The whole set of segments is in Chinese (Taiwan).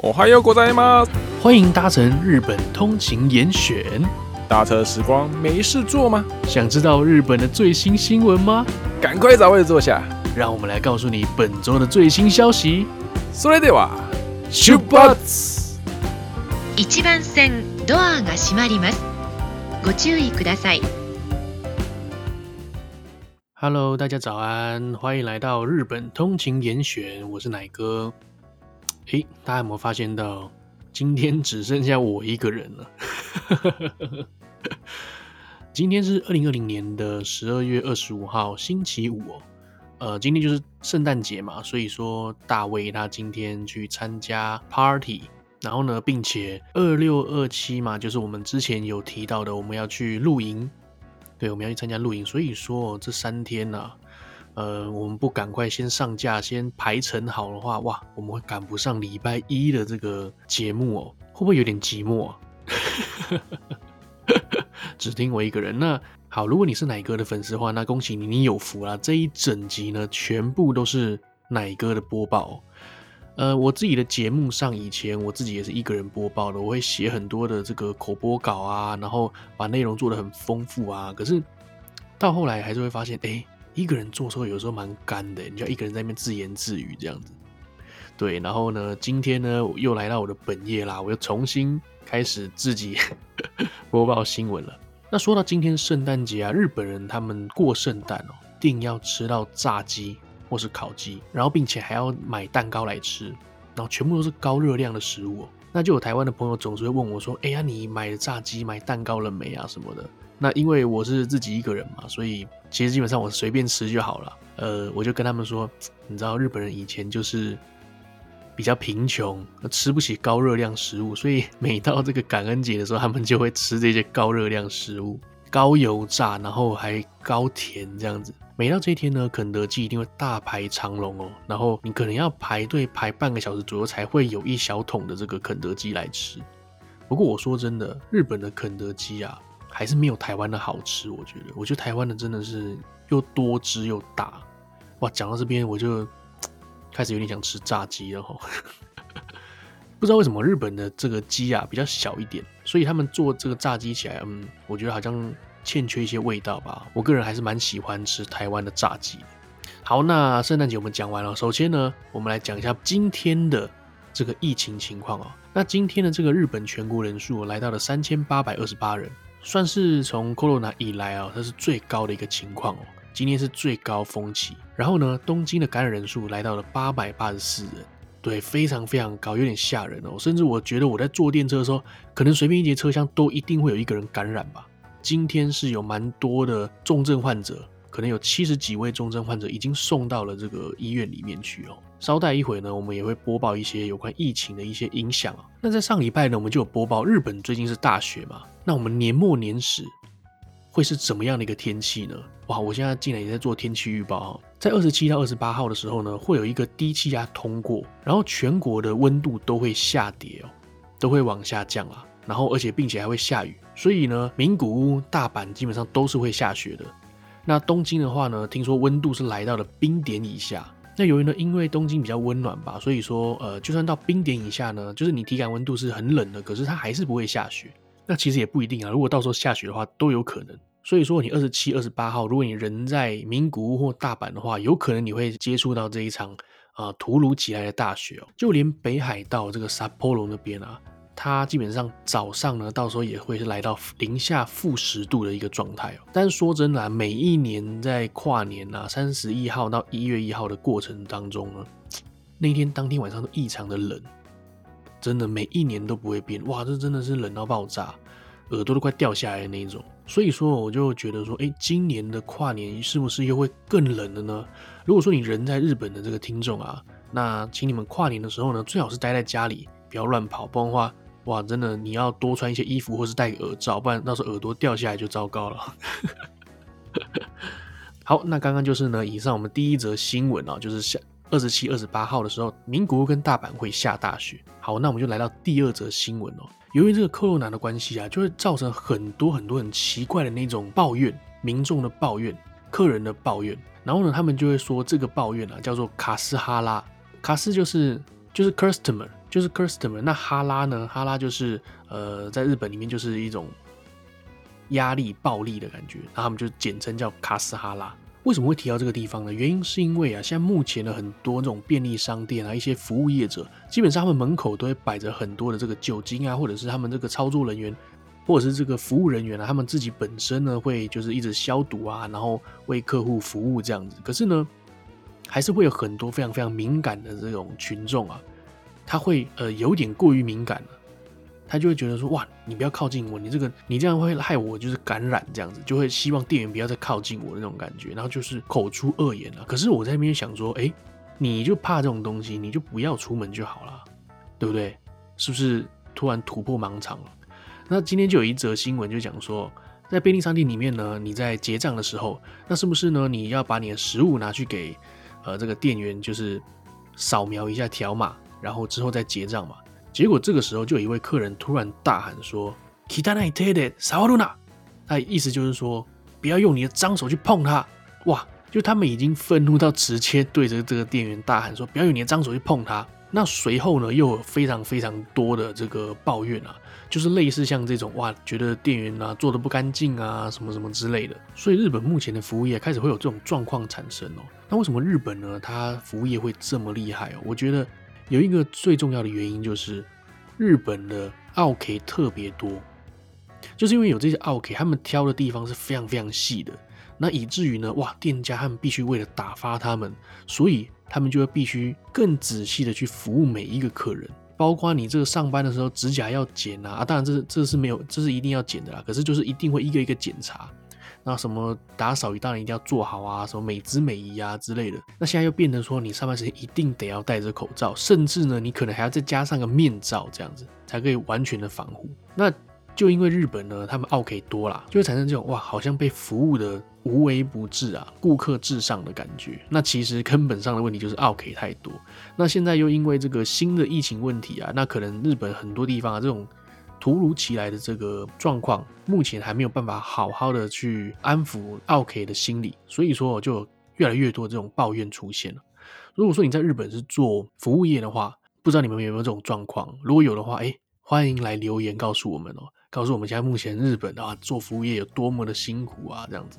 おはようございます。歡迎搭乘日本通勤嚴選，搭車時光沒事做嗎？想知道日本的最新新聞嗎？趕快找位子坐下，讓我們來告訴你本周的最新消息。それでは，出発。発一番線ドアが閉まります。ご注意ください。Hello，大家早安，歡迎來到日本通勤嚴選，我是奶哥。哎、欸，大家有沒有發現到，今天只剩下我一個人了？ 今天是二零二零年的十二月二十五號，星期五哦。呃，今天就是聖誕節嘛，所以說大衛他今天去參加 party，然後呢，並且二六二七嘛，就是我們之前有提到的，我們要去露營，對，我們要去參加露營，所以說這三天呢、啊。呃，我們不趕快先上架，先排程好的話，哇，我們會趕不上禮拜一的這個節目哦，會不會有點寂寞啊？ 只聽我一個人？那好，如果你是奶哥的粉絲的話，那恭喜你，你有福了，這一整集呢，全部都是奶哥的播報。呃，我自己的節目上以前我自己也是一個人播報的，我會寫很多的這個口播稿啊，然後把內容做得很豐富啊，可是到後來還是會發現，欸。一個人做的時候，有時候蠻乾的，你就要一個人在那邊自言自語這樣子，對。然後呢，今天呢我又來到我的本業啦，我又重新開始自己 播報新聞了。那說到今天聖誕節啊，日本人他們過聖誕哦，一定要吃到炸雞或是烤雞，然後並且還要買蛋糕來吃，然後全部都是高熱量的食物喔。那就有台灣的朋友總是會問我說：“哎、欸、呀，你買了炸雞、買蛋糕了沒啊？什麼的。”那因為我是自己一個人嘛，所以其實基本上我隨便吃就好了。呃，我就跟他們說，你知道日本人以前就是比較貧窮，吃不起高熱量食物，所以每到這個感恩節的時候，他們就會吃這些高熱量食物、高油炸，然後還高甜這樣子。每到這一天呢，肯德基一定會大排長龍哦，然後你可能要排隊排半個小時左右，才會有一小桶的這個肯德基來吃。不過我說真的，日本的肯德基啊。還是沒有台灣的好吃，我覺得。我覺得台灣的真的是又多汁又大，哇！講到這邊，我就開始有點想吃炸雞了齁。不知道為什麼日本的這個雞啊比較小一點，所以他們做這個炸雞起來，嗯，我覺得好像欠缺一些味道吧。我個人還是蠻喜歡吃台灣的炸雞。好，那聖誕節我們講完了。首先呢，我們來講一下今天的這個疫情情況啊。那今天的這個日本全國人數來到了三千八百二十八人。算是從 Corona 以來啊、哦，它是最高的一個情況哦。今天是最高峰期。然後呢，東京的感染人數來到了八百八十四人，對，非常非常高，有點嚇人哦。甚至我覺得我在坐電車的時候，可能隨便一節車廂都一定會有一個人感染吧。今天是有蠻多的重症患者，可能有七十幾位重症患者已經送到了這個醫院裡面去哦。稍待一會呢，我們也會播報一些有關疫情的一些影響、哦。那在上禮拜呢，我們就有播報日本最近是大雪嘛。那我們年末年始會是怎麼樣的一個天氣呢？哇，我現在進來也在做天氣預報哈，在二十七到二十八號的時候呢，會有一個低氣壓通過，然後全國的溫度都會下跌哦，都會往下降啦，然後而且並且還會下雨，所以呢，名古屋、大阪基本上都是會下雪的。那東京的話呢，聽說溫度是來到了冰點以下。那由於呢，因為東京比較溫暖吧，所以說呃，就算到冰點以下呢，就是你體感溫度是很冷的，可是它還是不會下雪。那其實也不一定啊。如果到時候下雪的話，都有可能。所以說你27，你二十七、二十八號，如果你人在名古屋或大阪的話，有可能你會接觸到這一場啊突如其來的大雪哦、喔。就連北海道這個札幌那邊啊，它基本上早上呢，到時候也會是來到零下負十度的一個狀態哦。但是說真的、啊，每一年在跨年啊，三十一號到一月一號的過程當中呢，那天當天晚上都異常的冷，真的每一年都不會變。哇，這真的是冷到爆炸！耳朵都快掉下來的那一種，所以說我就覺得說，誒、欸，今年的跨年是不是又會更冷了呢？如果說你人在日本的這個聽眾啊，那請你們跨年的時候呢，最好是待在家裡，不要亂跑，不然的話，哇，真的你要多穿一些衣服，或是戴個耳罩，不然到時候耳朵掉下來就糟糕了。 好，那剛剛就是呢，以上我們第一則新聞哦、喔，就是下二十七、二十八號的時候，名古屋跟大阪會下大雪。好，那我們就來到第二則新聞哦。由於這個克羅南的關係啊，就會造成很多很多很奇怪的那種抱怨，民眾的抱怨，客人的抱怨，然後呢，他們就會說這個抱怨啊，叫做卡斯哈拉，卡斯就是就是 customer，就是 customer，那哈拉呢，哈拉就是呃，在日本裡面就是一種壓力暴力的感覺，那他們就簡稱叫卡斯哈拉。為什麼會提到這個地方呢？原因是因為啊，現在目前的很多這種便利商店啊，一些服務業者，基本上他們門口都會擺着很多的這個酒精啊，或者是他們這個操作人員，或者是這個服務人員啊，他們自己本身呢，會就是一直消毒啊，然後為客戶服務這樣子。可是呢，還是會有很多非常非常敏感的這種群眾啊，他會呃有點過於敏感了啊。他就會覺得說哇，你不要靠近我，你這個你這樣會害我，就是感染這樣子，就會希望店員不要再靠近我那種感覺，然後就是口出惡言了。可是我在那邊想說，哎、欸，你就怕這種東西，你就不要出門就好了，對不對？是不是突然突破盲腸了？那今天就有一則新聞就講說，在便利商店裡面呢，你在結賬的時候，那是不是呢？你要把你的食物拿去給呃這個店員，就是掃描一下條碼，然後之後再結賬嘛？結果這個時候，就有一位客人突然大喊說：“汚い手で觸るな。”他的意思就是說，不要用你的髒手去碰它。哇，就他們已經憤怒到直接對着這個店員大喊說：“不要用你的髒手去碰它。”那隨後呢，又有非常非常多的這個抱怨啊，就是類似像這種哇，覺得店員啊做的不乾淨啊，什麼什麼之類的。所以日本目前的服務業、啊、開始會有這種狀況產生哦。那為什麼日本呢？它服務業會這麼厲害哦？我覺得。有一個最重要的原因就是，日本的奧 K 特別多，就是因為有這些奧 K，他們挑的地方是非常非常細的，那以至於呢，哇，店家他們必須為了打發他們，所以他們就要必須更仔細的去服務每一個客人，包括你這個上班的時候指甲要剪啊，啊，當然這是這是沒有，這是一定要剪的啦，可是就是一定會一個一個檢查。那什麼打掃，一大一定要做好啊，什麼美姿美儀啊之類的。那現在又變成說，你上班時間一定得要戴着口罩，甚至呢，你可能還要再加上個面罩，這樣子才可以完全的防護。那就因為日本呢，他們傲 K 多啦，就會產生這種哇，好像被服務的無微不至啊，顧客至上的感覺。那其實根本上的問題就是傲 K 太多。那現在又因為這個新的疫情問題啊，那可能日本很多地方啊，這種。突如其來的這個狀況，目前還沒有辦法好好的去安撫奧客的心理，所以說就有越來越多這種抱怨出現了。如果說你在日本是做服務業的話，不知道你們有沒有這種狀況？如果有的話，哎，歡迎來留言告訴我們哦，告訴我們現在目前日本的話、啊、做服務業有多麼的辛苦啊，這樣子。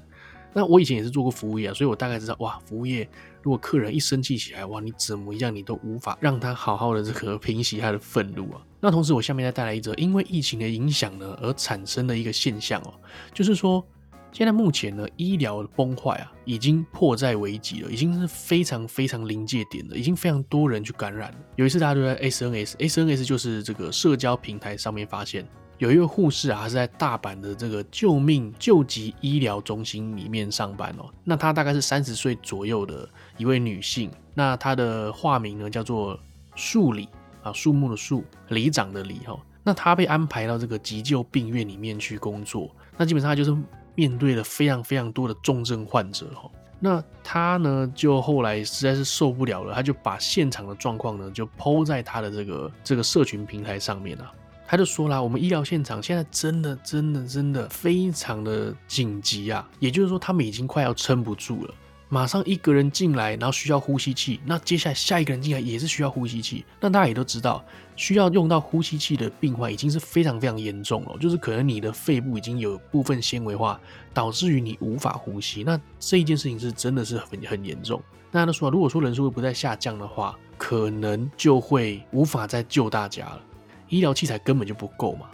那我以前也是做過服務業啊，所以我大概知道，哇，服務業如果客人一生氣起來，哇，你怎麼樣你都無法讓他好好的這個平息他的憤怒啊。那同時，我下面再帶來一則因為疫情的影響呢而產生的一個現象哦、喔，就是說現在目前呢醫療崩壞啊，已經迫在眉睫了，已經是非常非常臨界點了，已經非常多人去感染了。有一次大家都在 SNS，SNS 就是這個社交平台上面發現。有一位護士啊，她是在大阪的這個救命救急醫療中心裡面上班哦。那她大概是三十歲左右的一位女性。那她的化名呢叫做樹裡啊，樹木的樹，里長的裡哈、哦。那她被安排到這個急救病院裡面去工作。那基本上她就是面對了非常非常多的重症患者哈、哦。那她呢，就後來實在是受不了了，她就把現場的狀況呢，就 PO 在她的這個這個社群平台上面了、啊。他就說啦，我們醫療現場現在真的、真的、真的非常的緊急啊！也就是說，他們已經快要撐不住了。馬上一個人進來，然後需要呼吸器，那接下來下一個人進來也是需要呼吸器。那大家也都知道，需要用到呼吸器的病患已經是非常非常嚴重了，就是可能你的肺部已經有部分纖維化，導致於你無法呼吸。那這一件事情是真的是很很嚴重。那他就說，如果說人數不再下降的話，可能就會無法再救大家了。醫療器材根本就不夠嘛，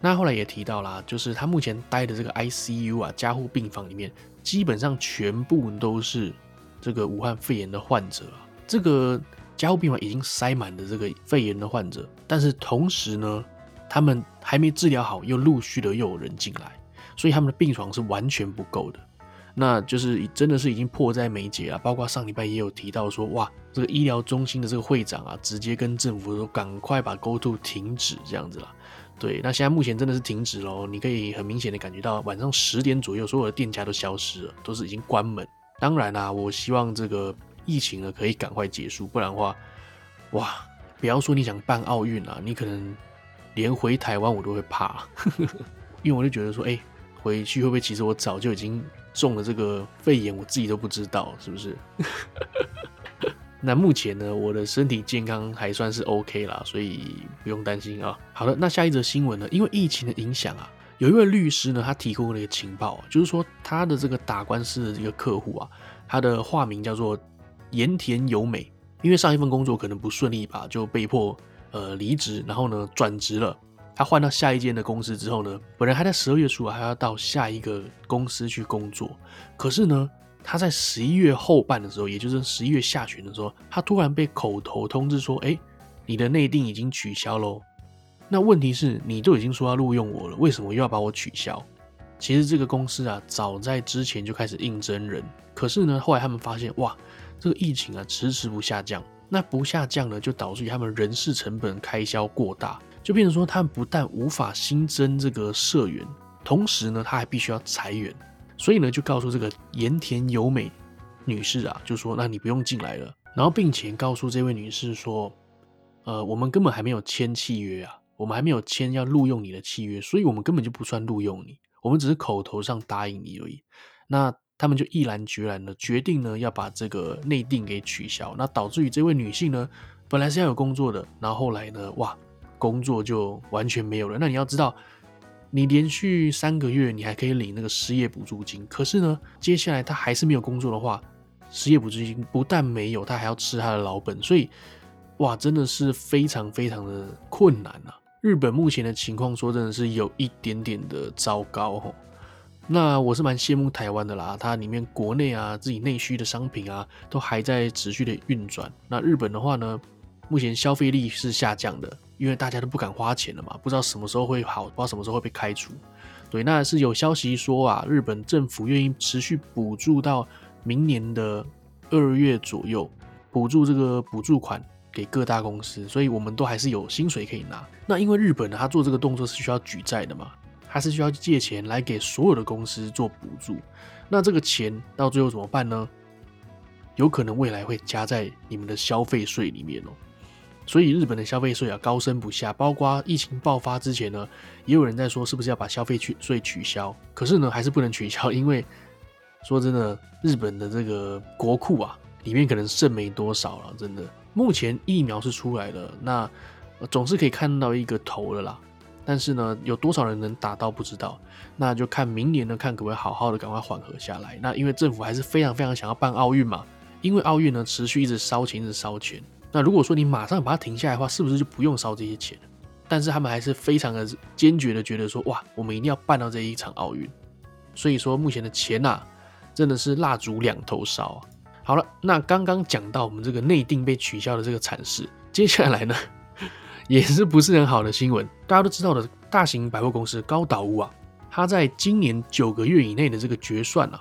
那後來也提到啦，就是他目前待的這個 ICU 啊，加護病房裡面基本上全部都是這個武漢肺炎的患者啊，這個加護病房已經塞滿了這個肺炎的患者，但是同時呢，他們還沒治療好，又陸續的又有人進來，所以他們的病床是完全不夠的。那就是真的是已經迫在眉睫了，包括上禮拜也有提到說，哇，這個醫療中心的這個會長啊，直接跟政府說，趕快把 GoTo 停止這樣子了。對，那現在目前真的是停止嘍，你可以很明顯的感覺到，晚上十點左右，所有的店家都消失了，都是已經關門。當然啦、啊，我希望這個疫情呢可以趕快結束，不然的話，哇，不要說你想辦奧運啊，你可能連回台灣我都會怕，呵呵呵，因為我就覺得說，哎、欸，回去會不會其實我早就已經。中了這個肺炎，我自己都不知道是不是。 那目前呢，我的身體健康還算是 OK 啦，所以不用擔心啊。好的，那下一則新聞呢，因為疫情的影響啊，有一位律師呢，他提供了一個情報啊，就是說他的這個打官司的一個客戶啊，他的化名叫做鹽田由美，因為上一份工作可能不順利吧，就被迫呃離職，然後呢轉職了。他換到下一間的公司之後呢，本來還在十二月初還要到下一個公司去工作，可是呢，他在十一月後半的時候，也就是十一月下旬的時候，他突然被口頭通知說：“哎、欸，你的內定已經取消嘍。”那問題是，你都已經說要錄用我了，為什麼又要把我取消？其實這個公司啊，早在之前就開始應徵人，可是呢，後來他們發現，哇，這個疫情啊遲遲不下降，那不下降呢，就導致於他們人事成本開銷過大。就變成說，他們不但無法新增這個社員，同時呢，他還必須要裁員，所以呢，就告訴這個鹽田由美女士啊，就說，那你不用進來了。然後，並且告訴這位女士說，呃，我們根本還沒有簽契約啊，我們還沒有簽要錄用你的契約，所以我們根本就不算錄用你，我們只是口頭上答應你而已。那他們就毅然決然的決定呢，要把這個內定給取消。那導致於這位女性呢，本來是要有工作的，然後後來呢，哇！工作就完全沒有了。那你要知道，你連續三個月你還可以領那個失業補助金。可是呢，接下來他還是沒有工作的話，失業補助金不但沒有，他還要吃他的老本。所以，哇，真的是非常非常的困難啊。日本目前的情況，說真的是有一點點的糟糕吼。那我是蠻羨慕台灣的啦，它裡面國內啊自己內需的商品啊都還在持續的運轉。那日本的話呢？目前消費力是下降的，因為大家都不敢花錢了嘛，不知道什麼時候會好，不知道什麼時候會被開除。所以那是有消息說啊，日本政府願意持續補助到明年的二月左右，補助這個補助款給各大公司，所以我們都還是有薪水可以拿。那因為日本呢，他做這個動作是需要舉債的嘛，他是需要借錢來給所有的公司做補助。那這個錢到最後怎麼辦呢？有可能未來會加在你們的消費稅裡面哦、喔。所以日本的消費稅啊高升不下，包括疫情爆發之前呢，也有人在說是不是要把消費稅取消？可是呢還是不能取消，因為說真的，日本的這個國庫啊裡面可能剩沒多少了。真的，目前疫苗是出來了，那總是可以看到一個頭的啦。但是呢有多少人能打到不知道，那就看明年呢看可不可以好好的趕快緩和下來。那因為政府還是非常非常想要辦奧運嘛，因為奧運呢持續一直燒錢，一直燒錢。那如果說你馬上把它停下來的話，是不是就不用燒這些錢？但是他們還是非常的堅決的，覺得說哇，我們一定要辦到這一場奧運。所以說目前的錢啊，真的是蠟燭兩頭燒啊。好了，那剛剛講到我們這個內定被取消的這個慘事，接下來呢也是不是很好的新聞？大家都知道的，大型百貨公司高島屋啊，它在今年九個月以內的這個決算啊，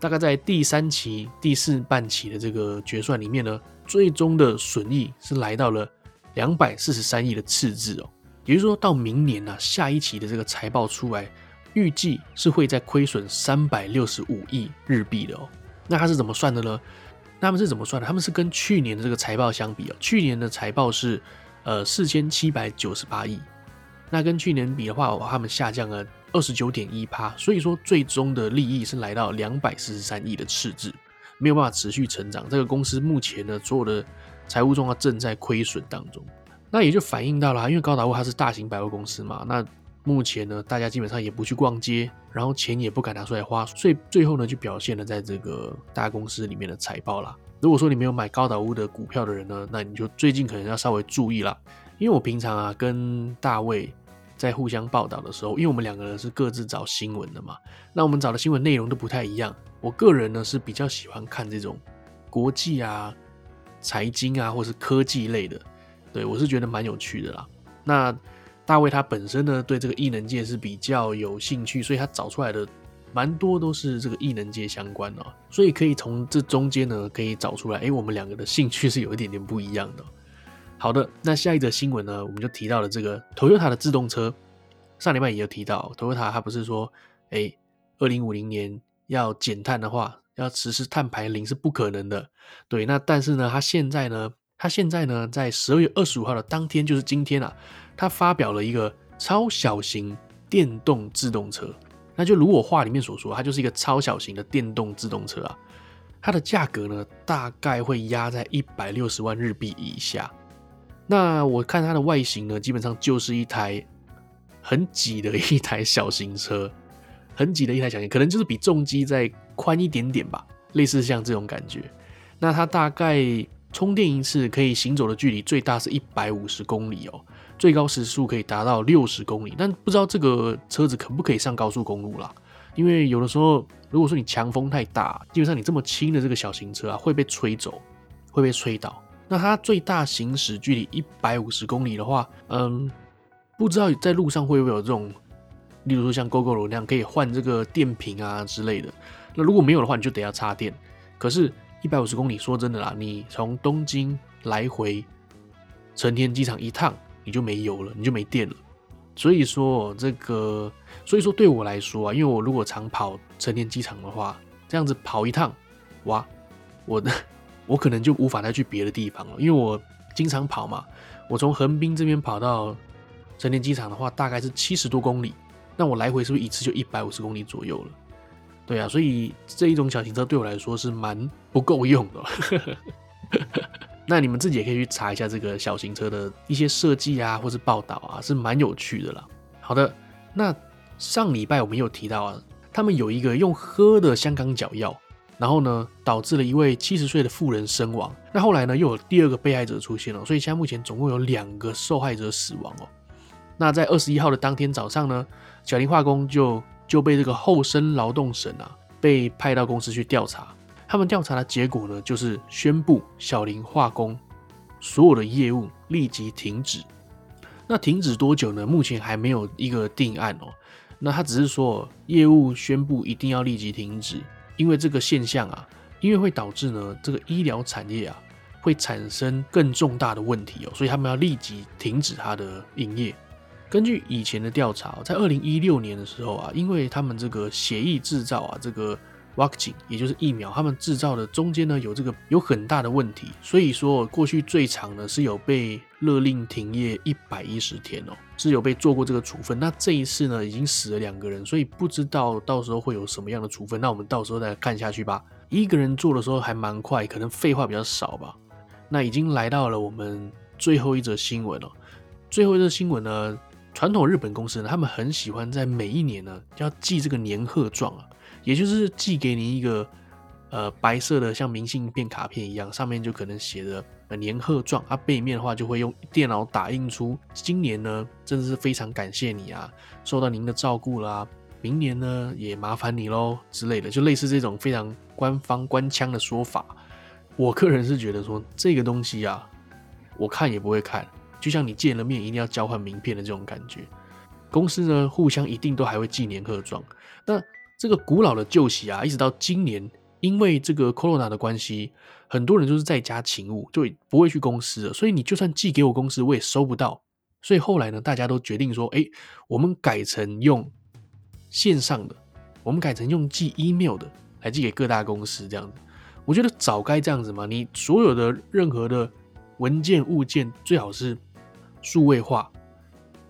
大概在第三期、第四半期的這個決算裡面呢。最終的損益是來到了兩百四十三億的赤字哦，也就是說到明年呢、啊，下一期的這個財報出來，預計是會在虧損三百六十五億日幣的哦。那它是怎麼算的呢？他們是怎麼算的？他們是跟去年的這個財報相比哦，去年的財報是呃四千七百九十八億，那跟去年比的話、哦，他們下降了二十九點一趴，所以說最終的利益是來到兩百四十三億的赤字。沒有辦法持續成長，這個公司目前呢做的財務狀況正在虧損當中，那也就反映到了，因為高島屋它是大型百貨公司嘛，那目前呢大家基本上也不去逛街，然後錢也不敢拿出來花，所以最後呢就表現了在這個大公司裡面的財報啦。如果說你沒有買高島屋的股票的人呢，那你就最近可能要稍微注意啦，因為我平常啊跟大衛。在互相報道的時候，因為我們兩個人是各自找新聞的嘛，那我們找的新聞內容都不太一樣。我個人呢是比較喜歡看這種國際啊、財經啊，或是科技類的，對我是覺得蠻有趣的啦。那大衛他本身呢對這個藝能界是比較有興趣，所以他找出來的蠻多都是這個藝能界相關的，喔，所以可以從這中間呢可以找出來，誒、欸，我們兩個的興趣是有一點點不一樣的。好的，那下一則新聞呢？我們就提到了這個 Toyota 的自動車。上禮拜也有提到 Toyota，它不是說，哎、欸，二零五零年要減碳的話，要實施碳排零是不可能的。對，那但是呢，它現在呢，它現在呢，在十二月二十五號的當天，就是今天啊，它發表了一個超小型電動自動車。那就如我話裡面所說，它就是一個超小型的電動自動車啊。它的價格呢，大概會壓在一百六十萬日幣以下。那我看它的外形呢，基本上就是一台很擠的一台小型車，很擠的一台小型，可能就是比重機再寬一點點吧，類似像這種感覺。那它大概充電一次可以行走的距離最大是一百五十公里哦，最高時速可以達到六十公里，但不知道這個車子可不可以上高速公路啦？因為有的時候，如果說你強風太大，基本上你這麼輕的這個小型車啊會被吹走，會被吹倒。那它最大行駛距離一百五十公里的話，嗯，不知道在路上會不會有這種，例如說像 Gogoro 那樣可以換這個電瓶啊之類的。那如果沒有的話，你就得要插電。可是一百五十公里，說真的啦，你從東京來回成田機場一趟，你就沒油了，你就沒電了。所以說這個，所以說對我來說啊，因為我如果常跑成田機場的話，這樣子跑一趟，哇，我的。我可能就無法再去別的地方了，因為我經常跑嘛。我從橫濱這邊跑到成田機場的話，大概是七十多公里。那我來回是不是一次就一百五十公里左右了？對啊，所以這一種小型車對我來說是蠻不夠用的。 那你們自己也可以去查一下這個小型車的一些設計啊，或是報道啊，是蠻有趣的啦。好的，那上禮拜我們有提到啊，他們有一個用喝的香港腳藥。然後呢，導致了一位七十歲的婦人身亡。那後來呢，又有第二個被害者出現了哦，所以現在目前總共有兩個受害者死亡哦。那在二十一號的當天早上呢，小林化工就就被這個厚生勞動省啊，被派到公司去調查。他們調查的結果呢，就是宣布小林化工所有的業務立即停止。那停止多久呢？目前還沒有一個定案哦。那他只是說業務宣布一定要立即停止。因為這個現象啊，因為會導致呢，這個醫療產業啊會產生更重大的問題哦，所以他們要立即停止它的營業。根據以前的調查，在二零一六年的時候啊，因為他們這個違法製造啊，這個。vaccine 也就是疫苗，他們製造的中間呢，有這個有很大的問題，所以說過去最長呢是有被勒令停業一百一十天哦，是有被做過這個處分。那這一次呢已經死了兩個人，所以不知道到時候會有什麼樣的處分。那我們到時候再看下去吧。一個人做的時候還蠻快，可能廢話比較少吧。那已經來到了我們最後一則新聞了，哦。最後一則新聞呢，傳統日本公司呢，他們很喜歡在每一年呢要寄這個年賀狀啊。也就是寄給你一個，呃，白色的像明信片卡片一樣，上面就可能寫着呃年賀狀啊，背面的話就會用電腦打印出。今年呢，真的是非常感謝你啊，受到您的照顧啦、啊。明年呢，也麻煩你嘍之類的，就類似這種非常官方官腔的說法。我個人是覺得說這個東西啊，我看也不會看，就像你見了面一定要交換名片的這種感覺。公司呢，互相一定都還會寄年賀狀，那。這個古老的舊習啊，一直到今年，因為這個 corona 的關係，很多人就是在家勤務就也不會去公司了，所以你就算寄給我公司，我也收不到。所以後來呢，大家都決定說，哎，我們改成用線上的，我們改成用寄 email 的來寄給各大公司這樣。我覺得早該這樣子嘛，你所有的任何的文件物件，最好是數位化，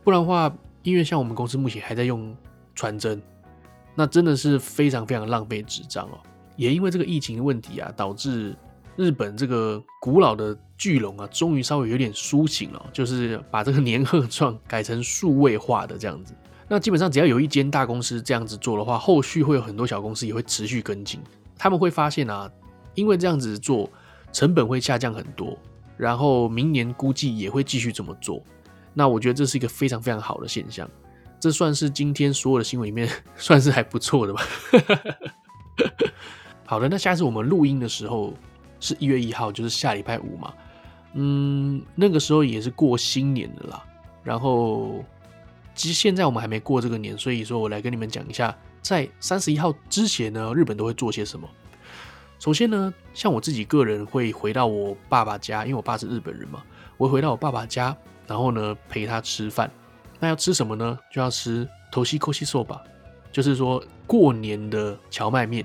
不然的話，因為像我們公司目前還在用傳真。那真的是非常非常浪費紙張哦。也因為這個疫情的問題啊，導致日本這個古老的巨龍啊，終於稍微有點甦醒了，就是把這個年賀狀改成數位化的這樣子。那基本上只要有一間大公司這樣子做的話，後續會有很多小公司也會持續跟進。他們會發現啊，因為這樣子做成本會下降很多，然後明年估計也會繼續這麼做。那我覺得這是一個非常非常好的現象。這算是今天所有的新聞裡面，算是還不錯的吧。 好的，那下次我們錄音的時候是一月一號，就是下禮拜五嘛。嗯，那個時候也是過新年的啦。然後，其實現在我們還沒過這個年，所以說我來跟你們講一下，在三十一號之前呢，日本都會做些什麼。首先呢，像我自己個人會回到我爸爸家，因為我爸是日本人嘛，我會回到我爸爸家，然後呢陪他吃飯。那要吃什麼呢？就要吃頭西扣西壽吧，就是說過年的蕎麥麵，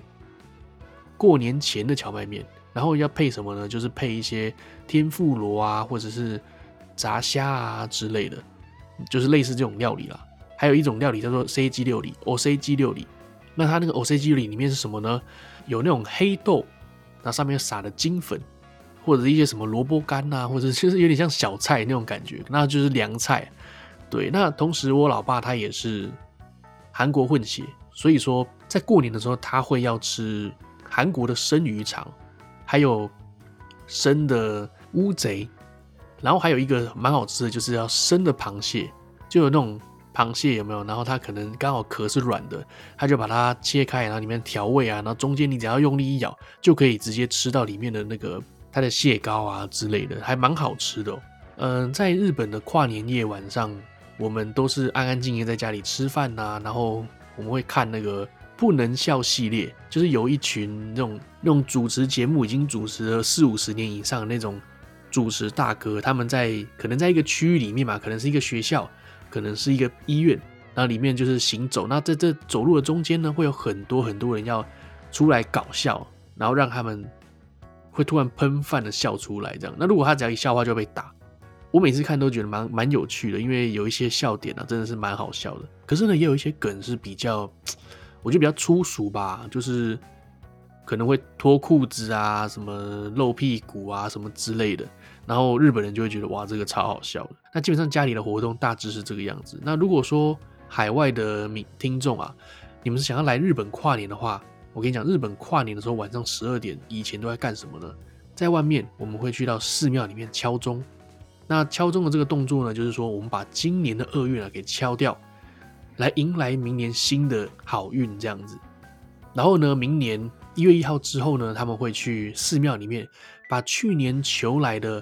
過年前的蕎麥麵。然後要配什麼呢？就是配一些天婦羅啊，或者是炸蝦啊之類的，就是類似這種料理啦。還有一種料理叫做 CG 料理，OCG 料理。那它那個 OCG 料理裡面是什麼呢？有那種黑豆，那上面撒的金粉，或者一些什麼蘿蔔乾啊，或者其實有點像小菜那種感覺，那就是涼菜。對，那同時我老爸他也是韓國混血，所以說在過年的時候他會要吃韓國的生魚腸，還有生的烏賊，然後還有一個蠻好吃的，就是要生的螃蟹，就有那種螃蟹有沒有？然後它可能剛好殼是軟的，他就把它切開，然後裡面調味啊，然後中間你只要用力一咬，就可以直接吃到裡面的那個它的蟹膏啊之類的，還蠻好吃的哦。嗯，呃，在日本的跨年夜晚上。我們都是安安靜靜在家裡吃飯吶啊，然後我們會看那個不能笑系列，就是有一群那種那種主持節目已經主持了四五十年以上的那種主持大哥，他們在可能在一個區域裡面嘛，可能是一個學校，可能是一個醫院，那裡面就是行走，那在這走路的中間呢，會有很多很多人要出來搞笑，然後讓他們會突然噴飯的笑出來這樣。那如果他只要一笑話就被打。我每次看都覺得蠻蠻有趣的，因為有一些笑點啊，真的是蠻好笑的。可是呢，也有一些梗是比較，我覺得比較粗俗吧，就是可能會脫褲子啊、什麼露屁股啊、什麼之類的。然後日本人就會覺得哇，這個超好笑的。那基本上家裡的活動大致是這個樣子。那如果說海外的聽眾啊，你們是想要來日本跨年的話，我跟你講，日本跨年的時候晚上十二點以前都在幹什麼呢？在外面我們會去到寺廟裡面敲鐘。那敲鐘的這個動作呢，就是說我們把今年的厄運啊給敲掉，來迎來明年新的好運這樣子。然後呢，明年一月一號之後呢，他們會去寺廟裡面把去年求來的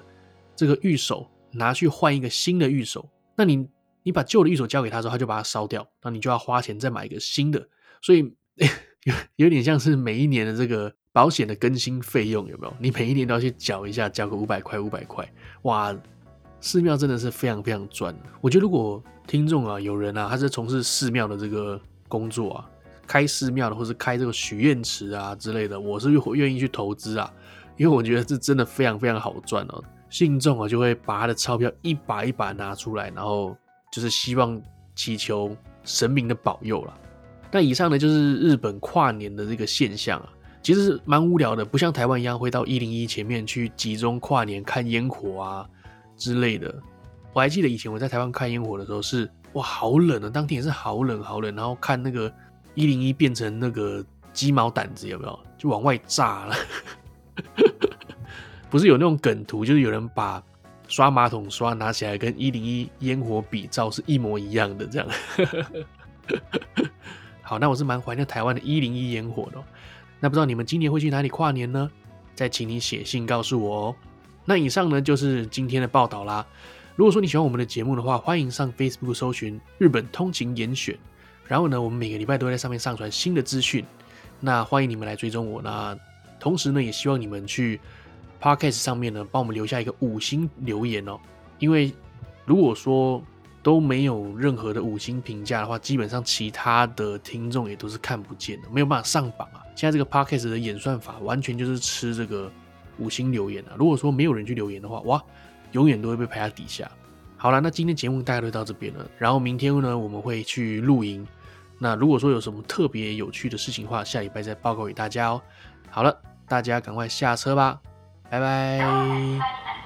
這個御守拿去換一個新的御守。那你你把舊的御守交給他之後，他就把它燒掉，那你就要花錢再買一個新的。所以有有點像是每一年的這個保險的更新費用有沒有？你每一年都要去繳一下，繳個五百塊五百塊，哇！寺廟真的是非常非常賺。我覺得如果聽眾啊有人啊,他是從事寺廟的這個工作啊,開寺廟的或是開這個許願池啊之類的,我是會願意去投資啊,因為我覺得這真的非常非常好賺哦。信眾啊就會把他的鈔票一把一把拿出來,然後就是希望祈求神明的保佑啦。那以上呢就是日本跨年的這個現象啊,其實蠻無聊的,不像台灣一樣會到一零一前面去集中跨年看煙火啊。之類的，我還記得以前我在台灣看煙火的時候，是哇，好冷啊！當天也是好冷好冷，然後看那個一零一變成那個雞毛撣子，有沒有？就往外炸了。 不是有那種梗圖，就是有人把刷馬桶刷拿起來跟一零一煙火比照，是一模一樣的這樣。 好，那我是蠻懷念台灣的一零一煙火的哦。那不知道你們今年會去哪裡跨年呢？再請你寫信告訴我哦。那以上呢，就是今天的報道啦。如果說你喜歡我們的節目的話，歡迎上 Facebook 搜尋“日本通勤嚴選”，然後呢，我們每個禮拜都會在上面上傳新的資訊。那歡迎你們來追蹤我。那同時呢，也希望你們去 Podcast 上面呢，幫我們留下一個五星留言哦。因為如果說都沒有任何的五星評價的話，基本上其他的聽眾也都是看不見的，沒有辦法上榜啊。現在這個 Podcast 的演算法，完全就是吃這個。五星留言啊！如果說沒有人去留言的話，哇，永遠都會被排在底下。好了，那今天節目大概就到這邊了。然後明天呢，我們會去露營。那如果說有什麼特別有趣的事情的話，下禮拜再報告給大家哦。好了，大家趕快下車吧，拜拜。